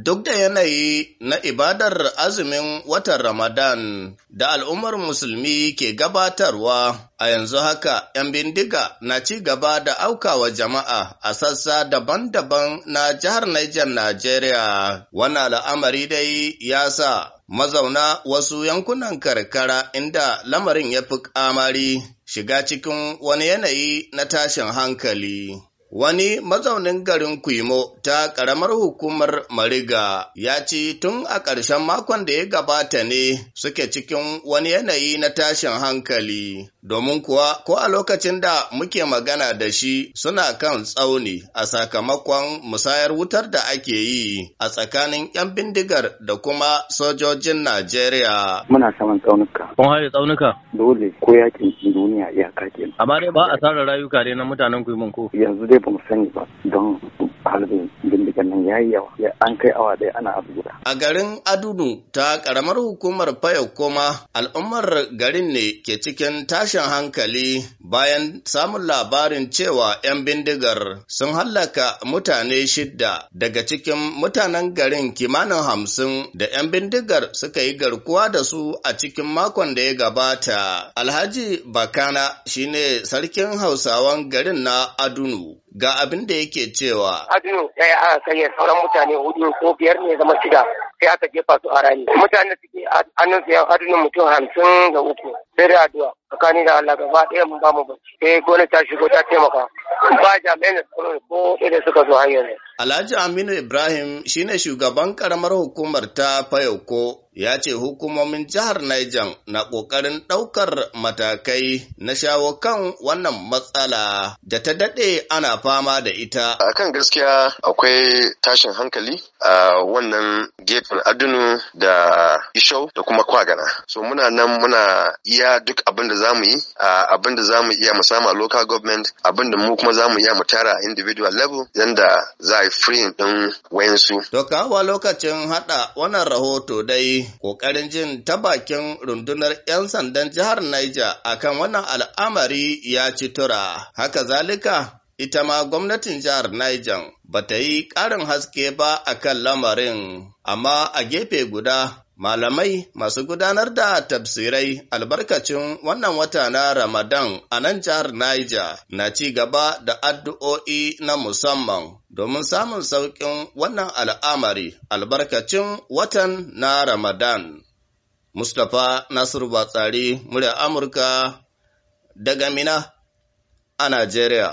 Duk da yanayi na ibadar azumin watan Ramadan da al'ummar musulmi ke gabatarwa a yanzu haka ‘yan bindiga na ci gaba da aukawa jama'a a sassa daban-daban na jihar Niger Najeriya. Wani al'amari dai ya sa mazauna wasu yankunan karkara inda lamarin ya fi kamari shiga cikin wani yanayi na tashin hankali. Wani mazaunin garin Kuimo ta ƙaramar hukumar Mariga ya ce tun a ƙarshen makon da ya gabata ne suke cikin wani yanayi na tashin hankali domin kuwa ko a lokacin da muke magana da shi suna kan tsauni a sakamakon musayar wutar da ake yi a tsakanin 'yan bindigar da kuma sojojin Najeriya. Muna saman tsaunuka. Kun haɗe tsaunuka? Dole ko yakin duniya iyaka kenan. Amma dai ba a tsara rayuka dai na mutanen kuimanku. Yanzu dai ba mu sani ba don halin bindigan nan ya yi yawa an kai awa daya ana abu guda. A garin Adunu ta karamar hukumar Fayo koma al'ummar garin ne ke cikin tashin hankali bayan samun labarin cewa 'yan bindigar sun hallaka mutane shidda daga cikin mutanen garin kimanin hamsin da 'yan bindigar suka yi garkuwa da su a cikin makon da ya gabata. Alhaji Bakana shine sarkin Hausawan garin na Adunu. ga abin da yake cewa. Eh, aka sanya sauran mutane hudu ko biyar ne zama shida sai aka jefa su a rami mutane suke hannun su yan adunin mutum hamsin da uku sai da addu'a tsakani da Allah gaba ɗaya mun ba mu bacci sai gona ta shigo ta taimaka ba jami'an da tsaro ko ɗaya suka zo har ne. Alhaji Aminu Ibrahim shine shugaban karamar hukumar ta Fayoko ya ce hukumomin jihar Niger na ƙoƙarin ɗaukar matakai na shawo kan wannan matsala da ta daɗe ana fama da ita. A kan gaskiya akwai tashin hankali a wannan gefen Adunu da Ishau da kuma Kwagana. So muna nan muna iya duk abin da zamu yi, abin da zamu iya mu a local government, abin da mu kuma zamu iya mu tara individual level yanda za a yi free ɗin wayansu. To kawo lokacin haɗa wannan rahoto dai kokarin jin ta bakin rundunar 'yan sandan jihar Niger akan wannan al'amari ya ci tura. Haka zalika, ita ma gwamnatin jihar Niger ba ta yi ƙarin haske ba akan lamarin, amma a gefe guda malamai masu gudanar da tafsirai albarkacin wannan wata na Ramadan a nan jihar Niger na ci gaba da addu'o'i na musamman domin samun sauƙin wannan al'amari albarkacin watan na Ramadan. Mustapha Nasiru Batsari, murya Amurka daga Mina a Najeriya.